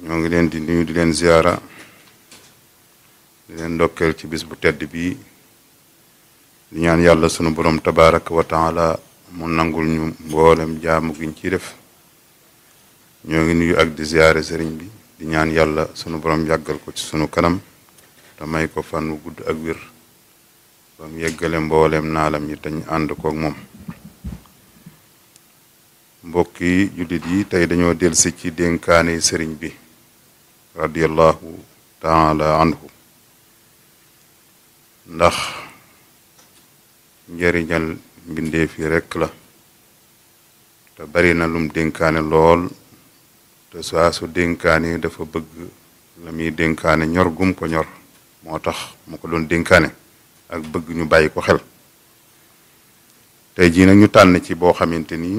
ñoo ngi leen di nuyu di leen ziyaara di leen ndokkeel ci bis bu tedd bi di ñaan yàlla sunu borom tabaaraka wa taala mo nangul ñu mboolem jaamu giñ ci def ñoo ngi nuyu ak di ziyaare sëriñ bi di ñaan yàlla sunu borom yàggal ko ci sunu kanam te may ko fan wu gudd ak wér ba mu mboolem naalam yi ñu ànd koog moom mbokk yi jullit yi tey dañoo delsi ci dénkaane sëriñ bi radiallahu taala anhu ndax njëriñal mbindeef yi rekk la te bari na lum dénkaane lool te saa su dénkaane dafa bëgg la muy dénkaane ñor gum ko ñor moo tax mu ko doon dénkaane ak bëgg ñu bàyyi ko xel te jii nag ñu tànn ci boo xamante ni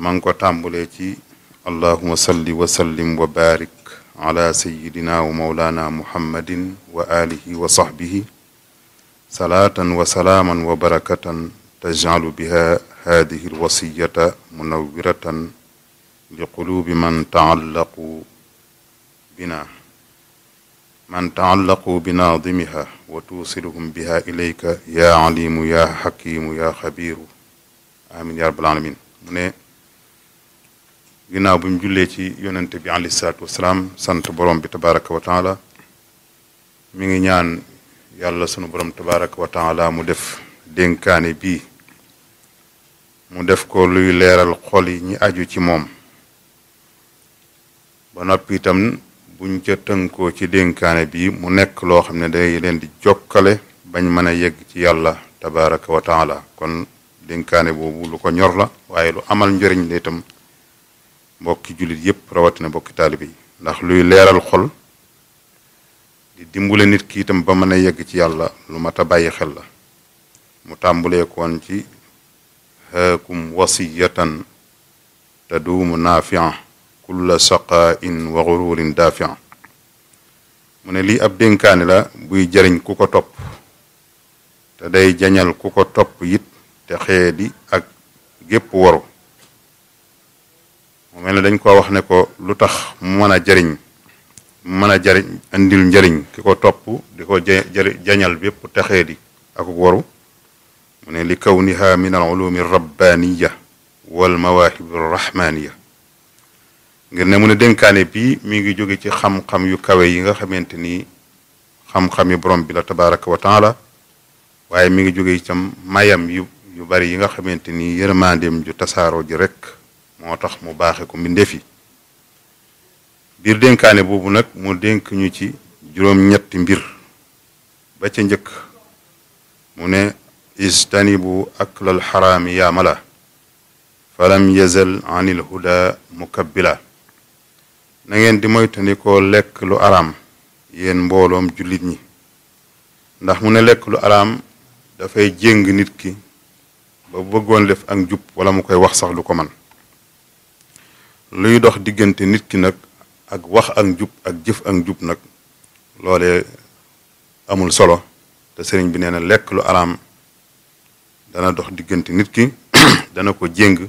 ma ngi ko tàmbulee ci allahuma salli wa sallim wa baarik ala sayidina wa mawlana muhammadin wa alihi wa saxbihi salaatan wa salaaman wa barakatan tajcalu biha hadihi alwasiyata munawiratan li qulubi man taallaqu bina man taallaqu binaadimiha wa tuusiluhum biha ilayka ya alimu ya xakimu ya xabiru amin ya rabbal alamin mu ne ginnaaw buñ julee ci yonente bi alayhi salaatu wasalaam sant borom bi tabaraka wa taala mi ngi ñaan yàlla sunu borom tabaraka wa taala mu def dénkaane bi mu def ko luy leeral xol yi ñi aju ci moom ba noppi itam buñ ca tënkoo ci dénkaane bi mu nekk loo xam ne day leen di jokkale bañ mën a yegg ci yàlla tabaraka wa taala kon dénkaane boobu lu ko ñor la waaye lu amal njëriñ la mbokki jullit yépp rawatina mbokki taalibe yi ndax luy leeral xol di dimbule nit ki itam ba mën a yegg ci yàlla lu mat a bàyyi xel la mu tàmbuleekoon ci haakum wasiyatan taduumu naafian kulla saqaain wa gururin daafian mu ne lii ab dénkaane la buy jariñ ku ko topp te day jañal ku ko topp it te xeedi ak gépp waru mu mel ne dañ koo wax ne ko lu tax mu mën a jariñ mu mën a jariñ indil njariñ ki ko topp di ko jañal bépp texee di ak waru mu ne li kawniha min al rabbaniya wal mawaahibi rahmaniya ngir ne mu ne dénkaane bii mi ngi jóge ci xam-xam yu kawe yi nga xamante ni xam-xam yu borom bi la tabaraka wa taala waaye mi ngi jóge itam mayam yu yu bari yi nga xamante ni yërmandeem ju tasaaroo ji rek moo tax mu baaxe ko mbindeef yi biir dénkaane boobu nag mu dénk ci juróom-ñetti mbir ba ci njëkk mu ne istanibu akla alxaraami yaa mala falam yazal an il huda mukabbila na ngeen di moytandikoo lekk lu araam yéen mbooloom jullit ñi ndax mu ne lekk lu araam dafay jéng nit ki ba bëggoon def ak njub wala mu koy wax sax du ko man luy dox diggante nit ki nag ak wax ak njub ak jëf ak njub nag loole amul solo te sëriñ bi nee na lekk lu araam dana dox diggante nit ki dana ko jéng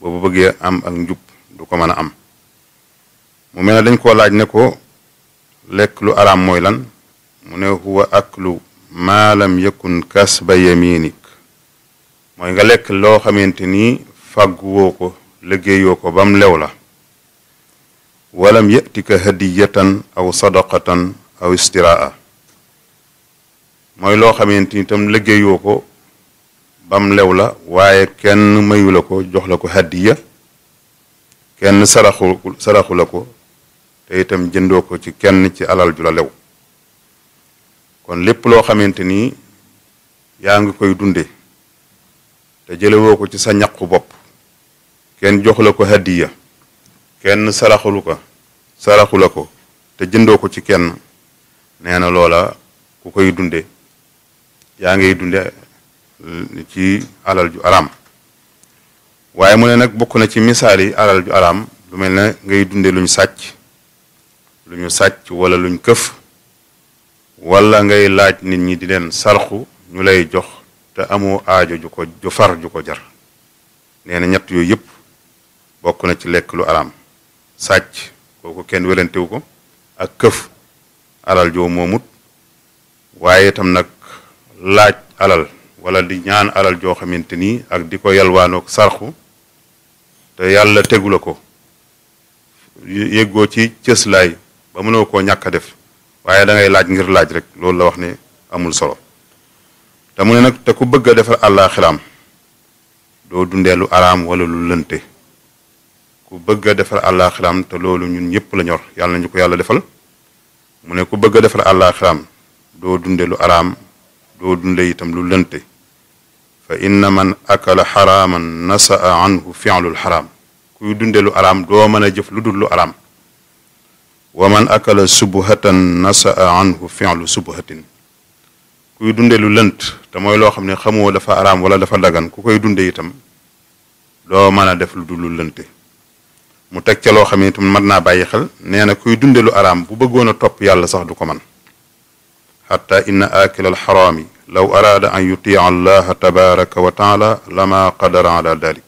ba bu bëggee am ak njub du ko mën a am mu mel ne dañ koo laaj ne ko lekk lu araam mooy lan mu ne huwa aklu maa lam yakun kasba yaminik mooy nga lekk loo xamante ni fàgguwoo ko liggéeyoo ko bam mu lew la walam yatika hadiyatan aw sadaqatan aw istiraa mooy loo xamante ni tam liggéeyoo ko bam lew la waaye kenn mayu ko jox la ko hadiya kenn saraxu saraxu ko te itam jëndoo ko ci kenn ci alal ju la kon lépp loo xamante ni yaa ngi koy dunde te jëlewoo ko ci sa ñakku bopp kenn joxula la ko hadiya kenn saraxulu ko saraxu ko te jëndoo ko ci kenn nee na loola ku koy dunde yaa ngay dunde ci alal ju araam waaye mu ne nag bokk na ci misaal yi alal ju araam lu mel ne ngay dunde luñ sàcc lu ñu sàcc wala luñ këf wala ngay laaj nit ñi di leen sarxu ñu lay jox te amoo aajo ju ko far ju ko jar neena na ñett yooyu yëpp bokk na ci lekk lu araam sàcc kooku kenn welantewu ko ak këf alal joo moomut waaye itam nag laaj alal wala di ñaan alal joo xamante ni ak di ko yalwaanoog sarxu te yàlla tegula la ko yëggoo ci cëslaay ba mënoo koo ñàkk a def waaye dangay laaj ngir laaj rek loolu la wax amul solo te mu ne nag te bëgg a defar àllaa xilaam doo dundelu lu wala lu lënte ku bëgg a defar àllaaxiraam te loolu ñun ñëpp la ñor yàlla nañu ko yàlla defal mu ne ku bëgg a defar àllaaxiraam doo dunde lu araam doo dunde itam lu lënte fa inna man akala xaraaman nasaa anhu fi'lul xaraam kuy dunde lu araam doo mën a jëf lu dul lu araam wa man akala subhatan nasaa anhu fi'lu subhatin kuy dunde lu lënt te mooy loo xam ne xamoo dafa araam wala dafa dagan ku koy dunde itam doo mën a def lu dul lu lënte mu teg ca loo xam ne itam mën naa bàyyi xel nee na kuy dundeelu lu araam bu bëggoon a topp yàlla sax du ko man xatta inna aakila alxaraami law araada an yutia allaha tabaraka wa taala lama qadara ala dalik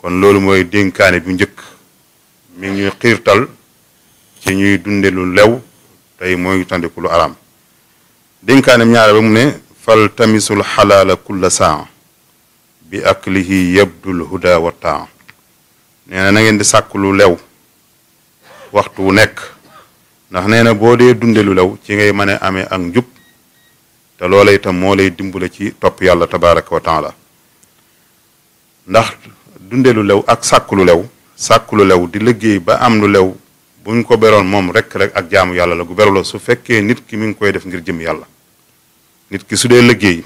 kon loolu mooy dénkaane bu njëkk mi ngi xiirtal ci ñuy dunde lew tey mooy tandiku lu araam dénkaanem ñaare ba mu ne faltamisul xalaala kulla saa bi aklihi yabdul huda wa nee na ngeen di sàkk lu lew waxtu wu nekk ndax nee na boo dee dunde lu lew ci ngay mën a amee ak njub te loola itam moo lay dimbale ci topp yàlla tabaraka wa taala ndax dunde lu lew ak sàkk lu lew sàkk lu lew di liggéey ba am lu lew buñ ko beroon moom rek rek ak jaamu yàlla la gu beraloo su fekkee nit ki mu ngi koy def ngir jëm yàlla nit ki su dee liggéey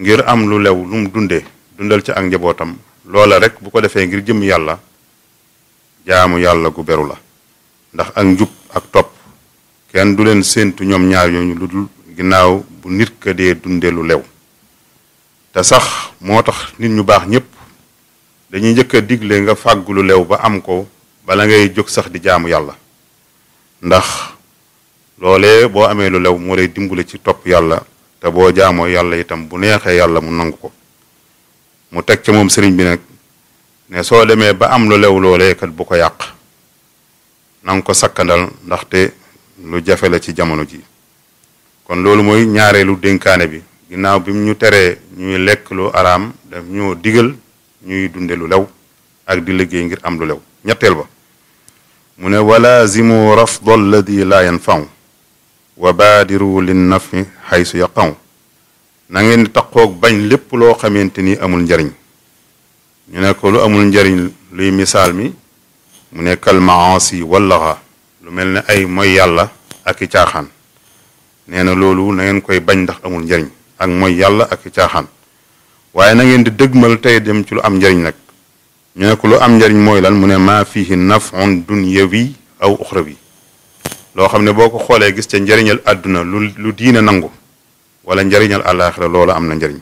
ngir am lu lew lu mu dunde dundal ci ak njabootam loole rek bu ko defee ngir jëm yàlla jaamu yàlla gu beru la ndax ak njub ak topp kenn du leen séentu ñoom ñaar yooyu lu dul ginnaaw bu nit ka dee dunde lu lew te sax moo tax nit ñu baax ñépp dañuy njëkk a digle nga fàgg lu lew ba am ko bala ngay jóg sax di jaamu yàlla ndax loole boo amee lu lew moo lay dimbale ci topp yàlla te boo jaamoo yàlla itam bu neexee yàlla mu nangu ko mu teg ca moom sëriñ bi nag ne soo demee ba am lu lew kat bu ko yàq na ko sakkandal ndaxte lu jafe la ci jamono ji kon loolu mooy ñaareelu dénkaane bi ginnaaw bi mu ñu teree ñuy lekk lu araam daf ñoo digal ñuy dunde lu lew ak di liggéey ngir am lu ñetteel ba mu ne walaazimu rafdo alladi laa yanfaw wa baadiru linnafi xaysu yaqaw nangeen di taqoog bañ lépp loo xamante ni amul njariñ ñu ne ko lu amul njariñ luy misaal mi mu ne kal maasi wallaxa lu mel ne ay moy yàlla ak i caaxaan nee na loolu nangeen koy bañ ndax amul njariñ ak mooy yàlla ak i caaxaan waaye na ngeen di dëgmal tey dem ci lu am njariñ nag ñu ne ko lu am njariñ mooy lan mu ne maa fihi nafun dunyawi aw uxrawi loo xam ne boo ko xoolee gis ca njariñal àdduna lu lu diine nangu wala njariñal àllaaxira loola am na njariñ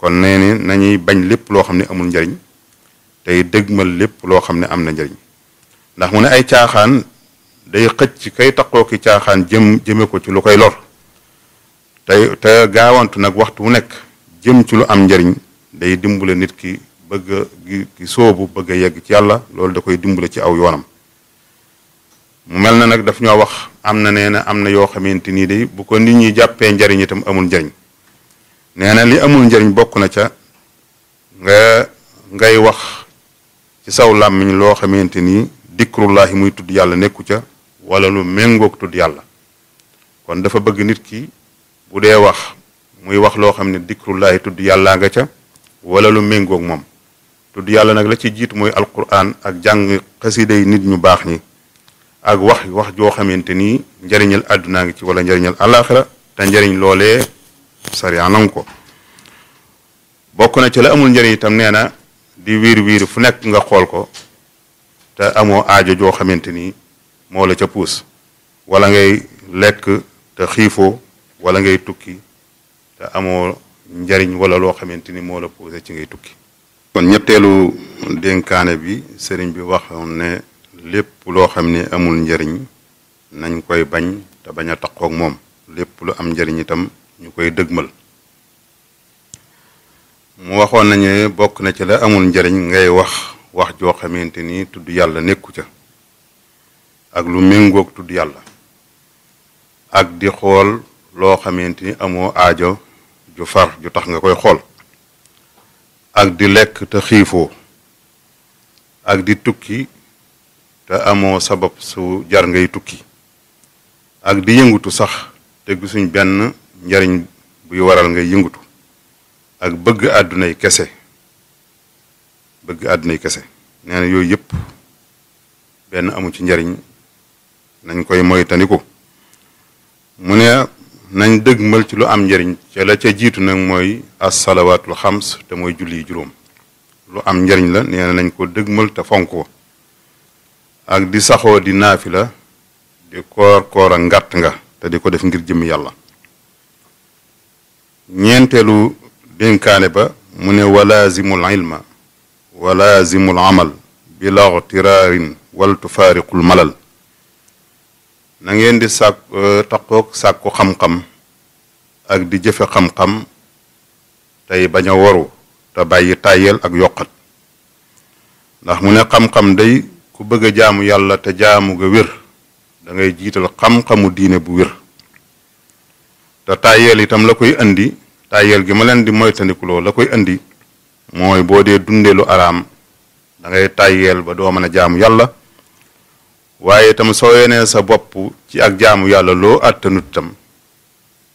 kon nee nañuy bañ lépp loo xam ne amul njariñ tey dëgmal lépp loo xam ne am na njariñ ndax mu ne ay caaxaan day xëcc kay taqoo ki caaxaan jëm jëme ko ci lu koy lor tey te gaawantu nag waxtu wu nekk jëm ci lu am njariñ day dimbale nit ki bëgg gi soobu bëgg a yegg ci yàlla loolu da koy dimbale ci aw yoonam mu mel na nag daf ñoo wax am na nee na am na yoo xamante nii day bu ko nit ñuy jàppee njariñ itam amul njariñ nee na li amul njariñ bokk na ca nga ngay wax ci saw làmmiñ loo xamante nii dikrullahi muy tudd yàlla nekku ca wala lu méngoog tudd yàlla kon dafa bëgg nit ki bu dee wax muy wax loo xam ne dikrullahi tudd yàllaa nga ca wala lu méngoog moom tudd yàlla nag la ci jiitu mooy alquran ak jàng xasida yi nit ñu baax ñi ak wax wax joo xamante ni njariñal àddunaa ngi ci wala njariñal àllaaxira te njariñ loole sariya nangu ko bokk na ci la amul njariñ itam nee na di wiir wiir fu nekk nga xool ko te amoo aajo joo xamante ni moo la ca puus wala ngay lekk te xiifoo wala ngay tukki te amoo njariñ wala loo xamante ni moo la ci ngay tukki kon ñetteelu dénkaane bi sëriñ bi wax ne lépp loo xam ne amul njariñ nañ koy bañ te bañ a taqoog moom lépp lu am njariñ itam ñu koy dëgmal mu waxoon nañu bokk na ci la amul njariñ ngay wax wax joo xamante ni tudd yàlla nekku ca ak lu mingook tudd yàlla ak di xool loo xamante ni amoo aajo ju far ju tax nga koy xool ak di lekk te xiifoo ak di tukki te amoo sabab su jar ngay tukki ak di yëngutu sax te gisuñ benn njariñ buy waral ngay yëngutu ak bëgg àddunay kese bëgg àddunay kese nee yooyu yëpp benn amu ci njariñ nañ koy moytandiku mu ne nañ dëgmal ci lu am njariñ ca la ca jiitu nag mooy assalawaatul xams te mooy julli juróom lu am njariñ la nee na nañ ko dëgmal te fonk ak di saxoo di naafila di koor koor a ngàtt nga te di ko def ngir jëm yàlla ñeenteelu dénkaane ba mu ne walaazimul ilma walaazimul amal bila ixtiraarin wal tufaariqul malal na ngeen di sàkk euh, taqoog sàkku xam-xam ak di jëfe xam-xam tey bañ a waru te bàyyi tàyyeel ak yokkat ndax mu ne xam-xam day ku bëgg a jaamu yàlla te jaamu nga wér da jiital xam-xamu diine bu wér te tàyyeel yitam la koy indi tàyyeel gi ma leen di moytandikuloo la koy indi mooy boo dee dundeelu lu araam da ngay ba doo mën a jaamu yàlla waaye itam soo yenee sa bopp ci ak jaamu yàlla loo àttanut itam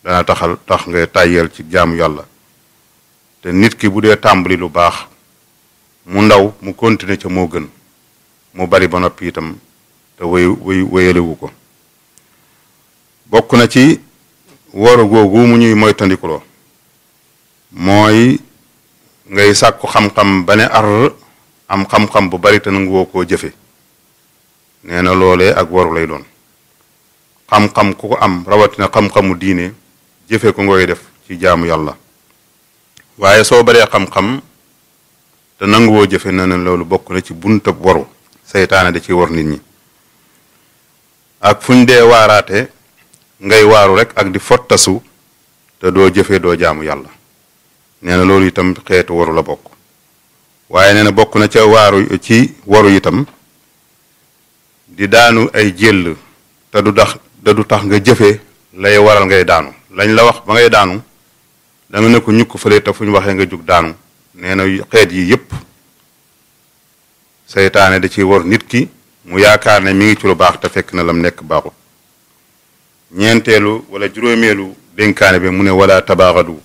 dana taxal tax ngay tàyyeel ci jaamu yàlla te nit ki bu dee tàmbali lu baax mu ndaw mu continuer ca moo gën mu bari ba noppi itam te wéy wéy wéyalewu ko bokk na ci waru googu mu ñuy moytandikuloo mooy ngay sàkku xam-xam ba ar am xam-xam bu bari te nangu woo koo jëfe nee na loolee ak waru lay doon xam-xam ku ko am rawatina xam-xamu diine jëfe ko ngoy def ci jaamu yàlla waaye soo baree xam-xam te woo jëfe na ne loolu bokk na ci buntab waru seytaane da ciy war nit ñi ak fuñ dee waaraate ngay waaru rek ak di fottasu te doo jëfee doo jaamu yàlla nee na loolu itam xeetu waru la bokk waaye nee na bokk na ca waaru ci waru itam di daanu ay jëll te du tax te du tax nga jëfee lay waral ngay daanu lañ la wax ba ngay daanu da nga ne ko ñukk te fu ñu waxee nga jug daanu nee na xeet yi yépp seytaane da ciy war nit ki mu yaakaar ne mi ngi ci lu baax te fekk na lam nekk baaxut ñeenteelu wala juróomeelu dénkaane bi mu ne wala tabaagadu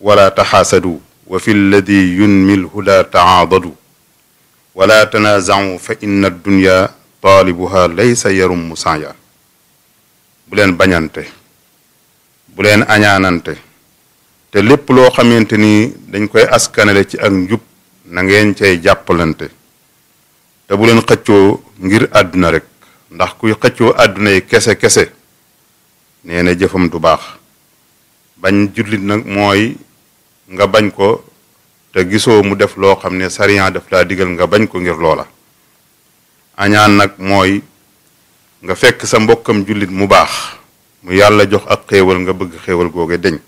wala taxasadu wa fi lladi yunmil huda taadadu wala tanaazau fa inna dunya taalibuha laysa yarum mu sanya bu leen bañante bu leen añaanante te lépp loo xamante ni dañ koy askanale ci ak njub na ngeen cay jàppalante te bu leen xëccoo ngir àdduna rek ndax kuy xëccoo àdduna yi kese kese nee na jëfam du baax bañ jullit nag mooy nga bañ ko te gisoo mu def loo xam ne sariya daf la digal nga bañ ko ngir loola añaan nag mooy nga fekk sa mbokkam jullit mu baax mu yàlla jox ak xéewal nga bëgg xéewal googe deñ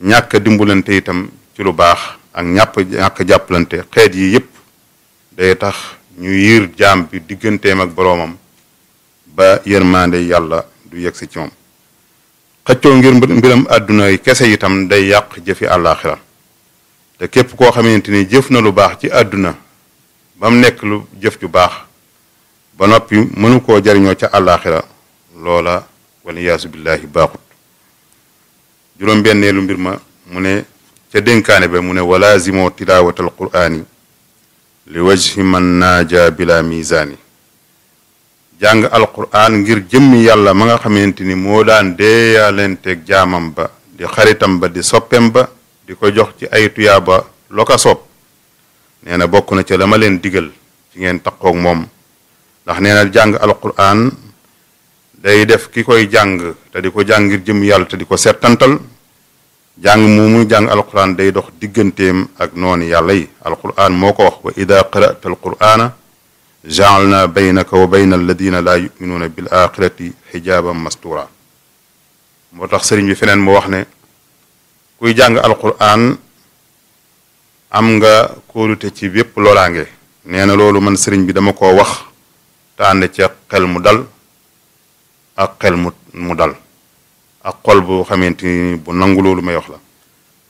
ñàkk dimbalante itam ci lu baax ak ñàpp ñàkk jàppalante xeet yi yépp day tax ñu yiir jaam bi digganteem ak boroomam ba yërmande yàlla du yegg ci moom xëccoo ngir mbiram àdduna yi kese itam day yàq jëfi àllaaxira te képp koo xamante ni jëf na lu baax ci àdduna ba nekk lu jëf ju baax ba noppi mënu koo jariñoo ca àllaaxira loola wala yaasu billaahi baaxut juróom-benneelu mbir ma mu ne ca denkaane be mu ne walaazimoo tilaawatal quraani li wajhi man naaja bila misaani jàng alquran ngir jëmmi yàlla ma nga xamante ni moo daan deeyaalenteeg jaamam ba di xaritam ba di soppem ba di ko jox ci ay tuyaaba lo ka sopp nee na bokk na ca la ma leen digal ci ngeen taqoog moom ndax nee na jàng alquran day def ki koy jàng te di ko jàng ngir jëmmi yàlla te di ko settantal jàng mu muy jàng alquran day dox digganteem ak noonu yàlla yi alquran moo ko wax wa ida qara'ta alqurana ja'alna baynaka wa bayna alladina laa yuminuuna bil axirati xijaaban mastura moo tax sëriñ bi feneen mu wax ne kuy jàng alquran am nga kóolute ci bépp loraange nee na loolu man sëriñ bi dama ko wax te ànd ca xel mu dal ak xel mu dal ak xol bu xamante ni bu nangu loolu may wax la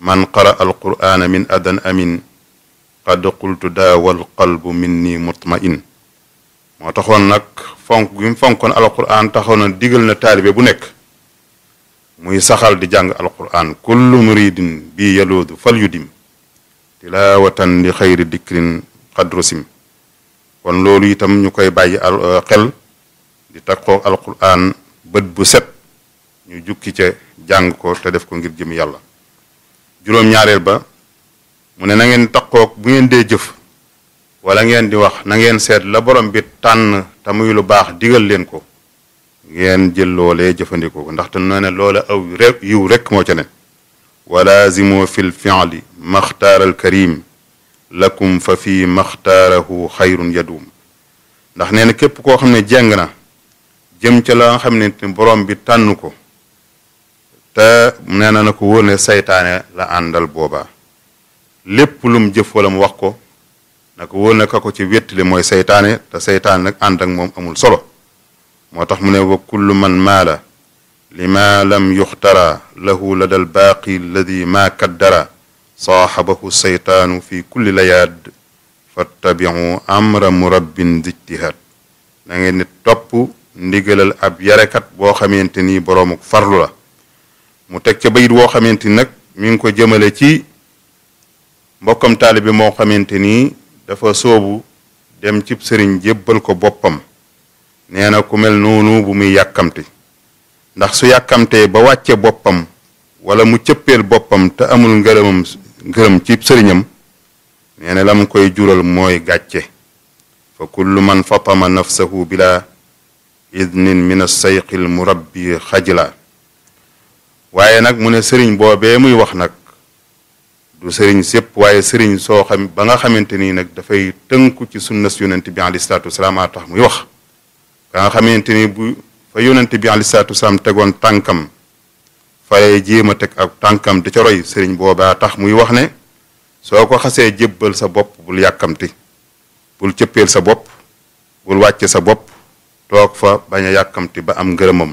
man qara al qurana min adan amin qad qultu daawal qalbu minni mutmain moo taxoon nag fonk gi mu fonkoon alquran taxaw na digal na taalibe bu nekk muy saxal di jàng alquran kullu muridin bi yaloodu fal yudim li xayri dikrin xadrosim kon loolu itam ñu koy bàyyi xel di takkoo alquran bët bu set ñu jukki ca jàng ko te def ko ngir jëm yàlla juróom-ñaareel ba mu ne na ngeen takkook bu ngeen dee jëf wala ngeen di wax nangeen seet la borom bit tànn ta muy lu baax digal leen ko ngeen jël loole jëfandikoo ndax ndaxte na ne loola aw rek rekk moo ca ne walaazimoo fil fi'li maxtaaral karim lakum fa fii maxtaarahu xayrun yaduum ndax nee na képp koo xam ne jeng na jëm ca la xam ne borom bi tànn ko te nee na na ko wóor ne la àndal booba lépp lum mu jëf wala mu wax ko na ko wóor ko ci wéttali mooy seytaane te saytaane nag ànd moom amul solo moo tax mu ne wa kullu man maala lima lam yuxtara lahu la dal baaqi alladi maa kaddara saaxabahu saytaanu fi kulli layaad fattabiu amra murabbin dijtihaad na ngeen ni topp ndigalal ab yarekat boo xamante ni boroomuk farlu la mu teg ca bayit woo xamante ni nag mi ngi ko jëmale ci mbokkam taalibe moo xamante ni dafa soobu dem cib sëriñ jébbal ko boppam nee na ku bu muy yàkkamte ndax su yàkkamtee ba wàcce boppam wala mu cëppeel boppam te amul ngërëmam ngërëm cib sëriñam nee na lam koy jural mooy gàcce fa kullu man fatama nafsahu bila idnin min assayqi almurabbi xajla waaye nag mu ne sëriñ boobee muy wax nag du sëriñ sépp waaye sëriñ soo xam ba nga xamante nii nag dafay tënku ci sunnas yonent bi alayhi salaatu tax muy wax ka nga xamante ni bu fa yonent bi alayhi salaatu tegoon tànkam fa jéem a teg ak tànkam di coroy sëriñ boobaa tax muy wax ne soo ko xasee jébbal sa bopp bul yàkkamti bul cëppeel sa bopp bul wàcce sa bopp toog fa bañ a yàkkamti ba am ngërëmam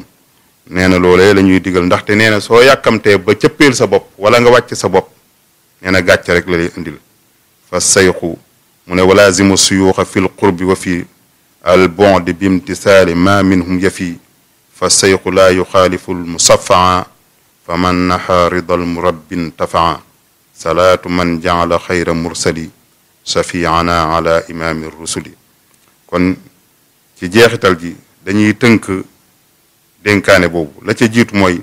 nee na loolee la ñuy digal ndaxte nee na soo yàkkamtee ba cëppeel sa bopp wala nga wàcce sa bopp nee na gàcce rek la lay indil fa sayqu mu ne walaazimu suyuuxa fi l qurbi wa fi al bondi bi imtisaali ma minhum yafi fa sayqu laa yuxaalifu l musafaa fa man naxa ridal murabbin tafaa salaatu man jaala xayra mursali safiana ala imaami rusuli kon ci jeexital ji dañuy tënk dénkaane boobu la ca jiitu mooy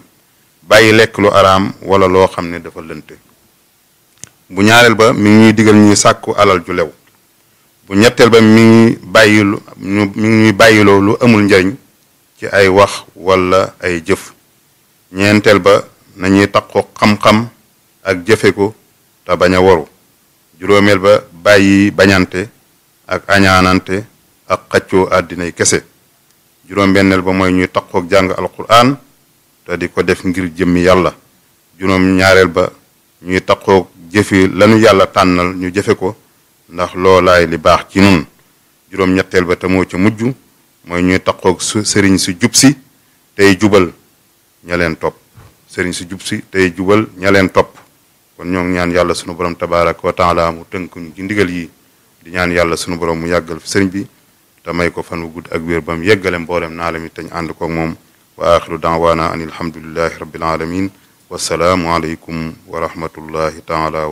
bàyyi lekk lu araam wala loo xam ne dafa lënt bu ñaareel ba mi ngi ñuy digal ñuy sàkku alal ju lew bu ñetteel ba mi ngi bàyyi lu mi ngi ñuy bàyyiloo lu amul njariñ ci ay wax wala ay jëf ñeenteel ba nañuy taqoo xam-xam ak jëfe ko te bañ a waru juróomeel ba bàyyi bañante ak añaanante ak xaccoo àddinay kese juróom-benneel ba mooy ñuy takkook jàng alquran te di ko def ngir jëmmi yàlla juróom-ñaareel ba ñuy takkook jëfi lanu yàlla tànnal ñu jëfe ko ndax loolaay li baax ci nun juróom-ñetteel ba te moo ca mujj mooy ñuy takkook su sëriñ si jub si tey jubal ña leen topp sëriñ si jub si tey jubal ña leen topp kon ñoo ñaan yàlla sunu borom tabaraka wa taala mu tënk ñu ci ndigal yi di ñaan yàlla sunu borom mu yàggal fi sëriñ bi te may ko fan wu gudd ak wér ba mu yeggale naa la mi tañ ànd koog moom wa axiru daawaana an alhamdulilahi rabbil alamin wasalaamu aleykum wa rahmatullahi taala